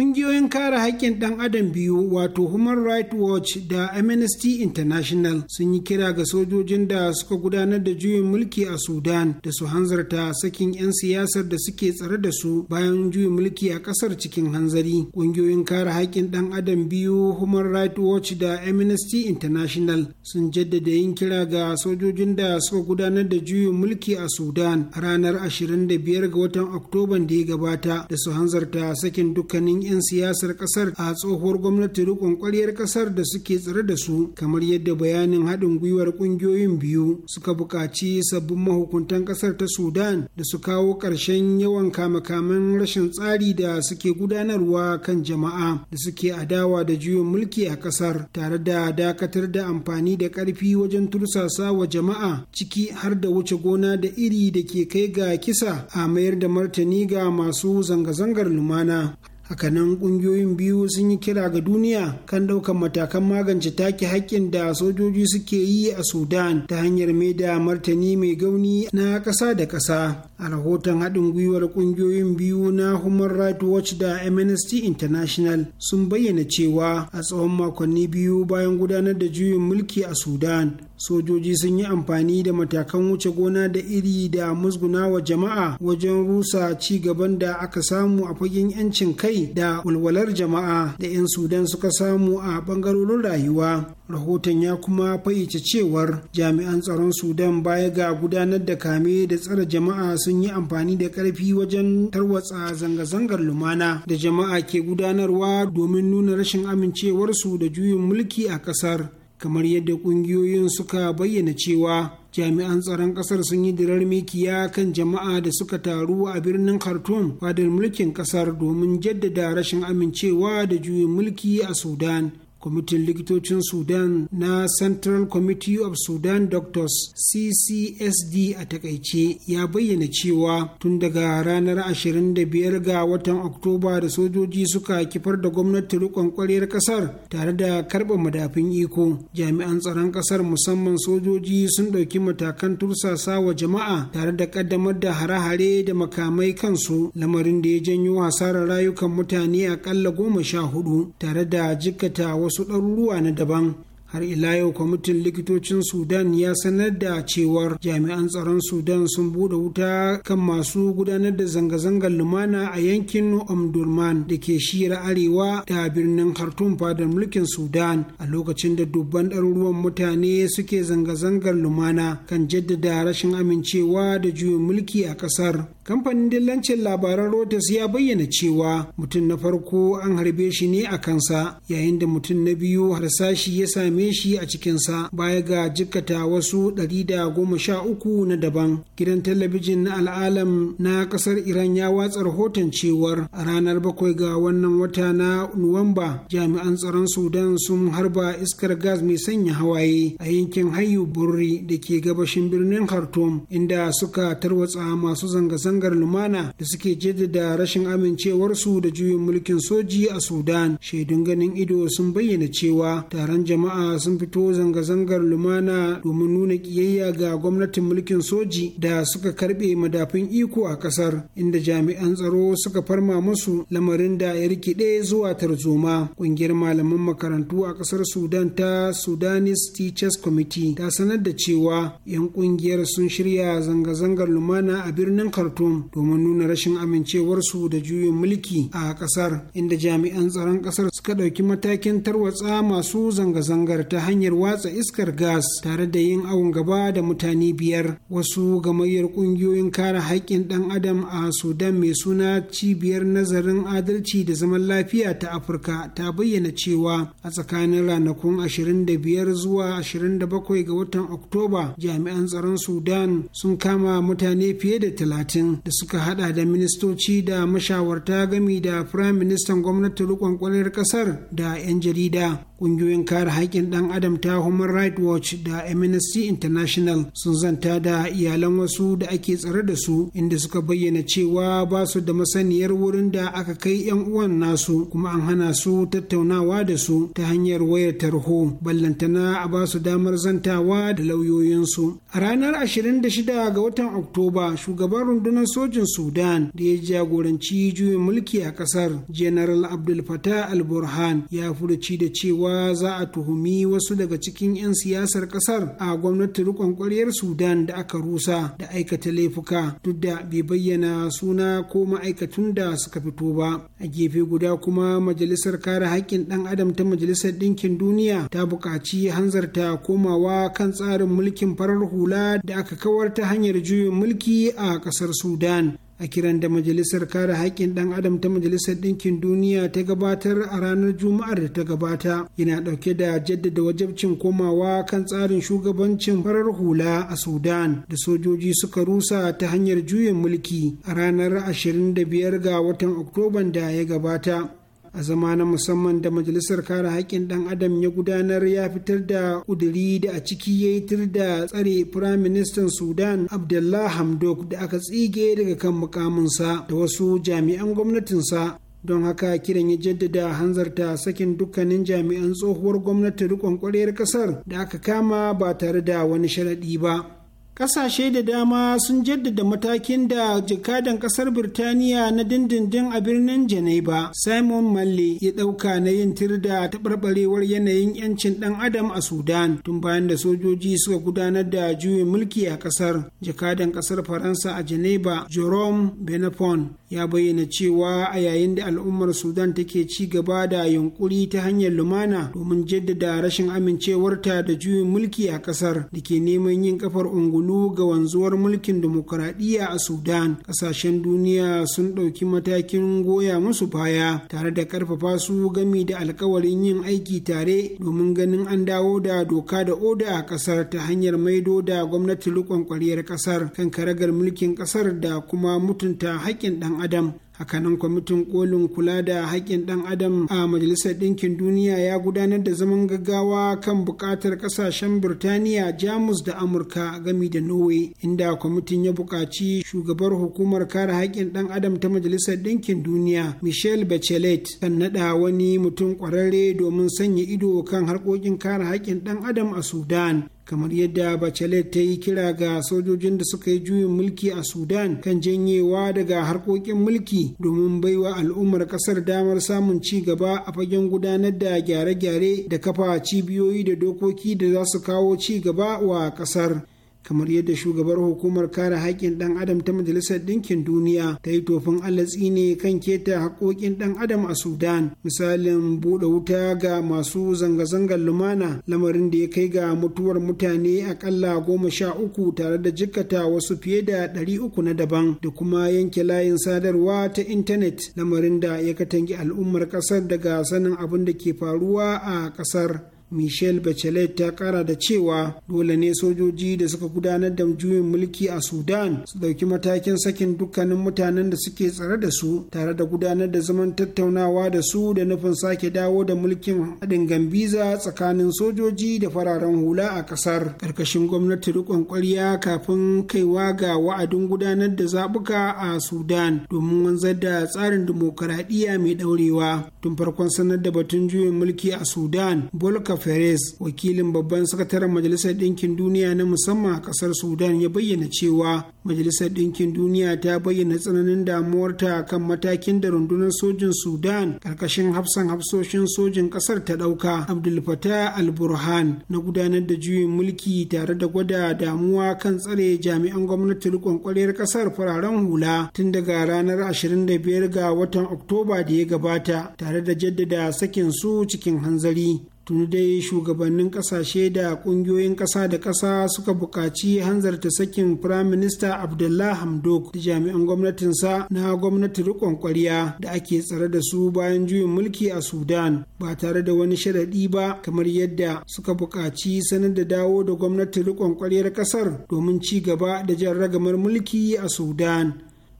Ƙungiyoyin kare haƙƙin ɗan adam biyu wato Human Rights Watch da Amnesty International sun yi kira ga sojojin da suka gudanar da juyin mulki a Sudan da su hanzarta sakin 'yan siyasar da suke tsare da su bayan juyin mulki a ƙasar cikin hanzari. Ƙungiyoyin kare haƙƙin ɗan adam biyu Human Rights Watch da Amnesty International sun jaddada yin kira ga sojojin da suka gudanar da juyin mulki a Sudan ranar 25 ga watan Oktoban da ya gabata da su hanzarta sakin dukkanin 'yan siyasar kasar a tsohuwar gwamnati rikon kwaryar kasar da suke tsare da su kamar yadda bayanin haɗin gwiwar ƙungiyoyin biyu suka buƙaci sabbin mahukuntan kasar ta sudan da su kawo ƙarshen yawan kamakaman rashin tsari da suke gudanarwa kan jama'a da suke adawa da juyin mulki a kasar tare da dakatar da amfani da ƙarfi wajen tursasa wa jama'a ciki har da wuce gona da iri da ke kai ga kisa a mayar da martani ga masu zanga-zangar lumana hakanan kungiyoyin biyu sun yi kira ga duniya kan daukan matakan magance take haƙƙin da sojoji suke yi a sudan ta hanyar Maida, martani mai gauni na ƙasa da ƙasa a rahoton haɗin gwiwar ƙungiyoyin biyu na human rights watch da amnesty international sun bayyana cewa a tsawon makonni biyu bayan gudanar da juyin mulki a sudan sojoji sun yi amfani da matakan wuce gona da iri da musguna wa jama'a wajen rusa ci gaban da aka samu a fagen 'yancin kai da walwalar jama'a da 'yan sudan suka samu a ɓangarorin rayuwa rahoton ya kuma fayyace cewar jami'an tsaron sudan baya ga gudanar da kame da tsara jama'a sun yi amfani da ƙarfi wajen tarwatsa zanga-zangar lumana da jama'a ke gudanarwa domin nuna rashin amincewarsu da juyin mulki a ƙasar kamar yadda ƙungiyoyin suka bayyana cewa jami'an tsaron kasar sun yi dirar mikiya kan jama'a da suka taru a birnin khartoum fadar mulkin kasar domin jaddada rashin amincewa da juyin mulki a sudan kwamitin likitocin sudan na central committee of sudan doctors ccsd a takaice ya bayyana cewa tun daga ranar 25 ga watan oktoba da sojoji suka kifar da gwamnati rikon kwarewar kasar tare da karɓa madafin iko jami'an tsaron kasar musamman sojoji sun ɗauki matakan tursasa wa jama'a tare da ƙaddamar da hare-hare da makamai kansu lamarin da ya janyo hasarar rayukan mutane aƙalla goma sha hudu tare da jikkata wasu ɗaruruwa na daban har ila yau kwamitin likitocin sudan ya sanar da cewar jami'an tsaron sudan sun bude wuta kan masu gudanar da zanga-zangar lumana a yankin omdurman da ke shira arewa da birnin khartoum fadar mulkin sudan a lokacin da dubban ɗaruruwan mutane suke zanga-zangar lumana kan jaddada rashin amincewa da juyin mulki a ƙasar kamfanin dillancin labaran Reuters ya bayyana cewa mutum na farko an harbe shi ne a kansa yayin da mutum na biyu harsashi ya sami same shi a cikinsa baya ga jikkata wasu 113 na daban gidan talabijin na al'alam na kasar iran ya watsa rahoton cewar a ranar bakwai ga wannan wata na nuwamba jami'an tsaron sudan sun harba iskar gas mai sanya hawaye a yankin hayu burri da ke gabashin birnin khartoum inda suka tarwatsa masu zanga-zangar lumana da suke jaddada rashin amincewarsu da juyin mulkin soji a sudan shaidun ganin ido sun bayyana cewa taron jama'a sun fito zanga-zangar lumana domin nuna ƙiyayya ga gwamnatin mulkin soji da suka karɓe madafin iko a ƙasar inda jami'an tsaro suka farma musu lamarin da ya rikide zuwa tarzoma ƙungiyar malaman makarantu a ƙasar sudan ta sudanese teachers committee ta sanar da cewa 'yan ƙungiyar sun shirya zanga-zangar lumana a birnin khartoum domin nuna rashin amincewarsu da juyin mulki a ƙasar inda jami'an tsaron ƙasar suka ɗauki matakin tarwatsa masu zanga-zangar kasar ta hanyar watsa iskar gas tare da yin awon gaba da mutane biyar wasu gamayyar ƙungiyoyin kare haƙƙin ɗan adam a sudan mai suna cibiyar nazarin adalci da zaman lafiya ta afirka ta bayyana cewa a tsakanin ranakun 25 zuwa 27 ga watan oktoba jami'an tsaron sudan sun kama mutane fiye da 30 da suka hada da ministoci da mashawarta gami da firayim ministan gwamnati riƙon ƙwarar ƙasar da 'yan jarida ƙungiyoyin kare haƙƙin ɗan adam ta human rights watch da amnesty international sun zanta da iyalan wasu da ake tsare da su inda suka bayyana cewa ba su da masaniyar wurin da aka kai 'yan uwan nasu kuma an hana su tattaunawa da su ta hanyar wayar tarho ballantana a ba su damar zantawa da lauyoyinsu a ranar 26 ga watan oktoba shugaban rundunar sojin sudan da ya jagoranci juyin mulki a kasar general abdul fatah al-burhan ya furuci da cewa cewa za a tuhumi wasu daga cikin 'yan siyasar kasar a gwamnati rikon kwaryar sudan da aka rusa da aikata laifuka duk da bai bayyana suna ko ma'aikatun da suka fito ba a gefe guda kuma majalisar kare haƙƙin ɗan adam ta majalisar ɗinkin duniya ta buƙaci hanzarta komawa kan tsarin mulkin farar hula da aka kawar ta hanyar juyin mulki a ƙasar sudan a kiran da majalisar kare haƙƙin ɗan adam ta majalisar ɗinkin duniya ta gabatar a ranar juma'ar da ta gabata yana ɗauke da jaddada wajabcin komawa kan tsarin shugabancin farar hula a sudan da sojoji suka rusa ta hanyar juyin mulki a ranar 25 ga watan oktoban da ya gabata a zama na musamman da majalisar kare haƙƙin ɗan adam ya gudanar ya fitar da ƙuduri da a ciki ya yi tir da tsare firayim ministan sudan abdullah hamdok da aka tsige daga kan mukaminsa da wasu jami'an gwamnatinsa don haka kiran ya jaddada hanzarta sakin dukkanin jami'an tsohuwar gwamnati rikon ƙwarewar ƙasar da aka kama ba tare da wani sharaɗi ba kasashe da dama sun jaddada matakin da jakadan kasar birtaniya na dindindin a birnin janeba simon malle ya dauka na yin tirda ta taɓarɓarewar yanayin 'yancin ɗan adam a sudan tun bayan da sojoji suka gudanar da juyin mulki a kasar jakadan kasar faransa a janeba jerome benapon ya bayyana cewa a yayin da al'ummar sudan take ci gaba da yunkuri ta hanyar lumana domin jaddada rashin amincewarta da juyin mulki a kasar da ke neman yin kafar ungulu hannu ga wanzuwar mulkin demokuraɗiyya a sudan ƙasashen duniya sun ɗauki matakin goya musu baya tare da ƙarfafa su gami da alkawarin yin aiki tare domin ganin an dawo da doka da oda a ƙasar ta hanyar maido da gwamnati riƙon ƙwaryar ƙasar kan karagar mulkin ƙasar da kuma mutunta haƙƙin ɗan adam hakanan kwamitin kolin kula da haƙƙin ɗan adam a majalisar ɗinkin duniya ya gudanar da zaman gaggawa kan buƙatar ƙasashen birtaniya jamus da amurka gami da norway inda kwamitin ya buƙaci shugabar hukumar kare haƙƙin ɗan adam ta majalisar ɗinkin duniya michelle bachelet kan naɗa wani mutum ƙwararre domin sanya ido kan harkokin kare haƙƙin ɗan adam a sudan kamar yadda bachelet ta yi kira ga sojojin da suka yi juyin mulki a sudan kan janyewa daga harkokin mulki domin baiwa al'ummar kasar damar samun ci gaba a fagen gudanar da gyare-gyare da kafa cibiyoyi da dokoki da za su kawo ci gaba wa kasar kamar yadda shugabar hukumar kare haƙƙin ɗan adam ta majalisar ɗinkin duniya ta yi tofin alatsi ne kan keta haƙoƙin ɗan adam a sudan misalin buɗe wuta ga masu zanga-zangar lumana lamarin da ya kai ga mutuwar mutane aƙalla goma sha uku tare da jikkata wasu fiye da ɗari uku na daban da kuma yanke layin sadarwa ta intanet lamarin da ya katangi al'ummar ƙasar daga sanin abin da ke faruwa a ƙasar michelle bachelet ta kara da cewa dole ne sojoji da suka gudanar da juyin mulki a sudan su dauki matakin sakin dukkanin mutanen da suke tsare da su tare da gudanar da zaman tattaunawa da su da nufin sake dawo da mulkin haɗin gambiza tsakanin sojoji da fararen hula a ƙasar ƙarƙashin gwamnati riƙon ƙwarya kafin kaiwa ga wa'adin gudanar da zaɓuka a sudan domin wanzar da tsarin dimokuraɗiyya mai ɗaurewa tun farkon sanar da batun juyin mulki a sudan bolka Perez wakilin babban sakataren Majalisar Dinkin Duniya na musamman a ƙasar Sudan ya bayyana cewa Majalisar Dinkin Duniya ta bayyana tsananin damuwarta kan matakin da rundunar sojin Sudan ƙarƙashin hafsan hafsoshin sojin ƙasar ta ɗauka Abdul Fattah Al-Burhan na gudanar da juyin mulki tare da gwada damuwa kan tsare jami'an gwamnati riƙon ƙwarriyar ƙasar fararen hula tun daga ranar 25 ga watan Oktoba da ya gabata tare da jaddada sakin su cikin hanzari tun dai shugabannin kasashe da kungiyoyin kasa da kasa suka buƙaci hanzarta sakin firaminista abdullah hamdok da jami'an gwamnatinsa na gwamnati rikon kwariya da ake tsare da su bayan juyin mulki a sudan ba tare da wani sharaɗi ba kamar yadda suka bukaci sanar da dawo da gwamnati riƙon ƙwaryar ƙasar domin ci gaba da jan ragamar mulki a sudan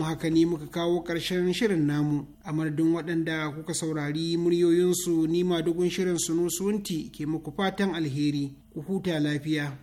kuma haka ne muka kawo ƙarshen shirin namu a madadin waɗanda kuka saurari muryoyinsu nima dugun shirin suno-sunti ke muku fatan alheri ku huta lafiya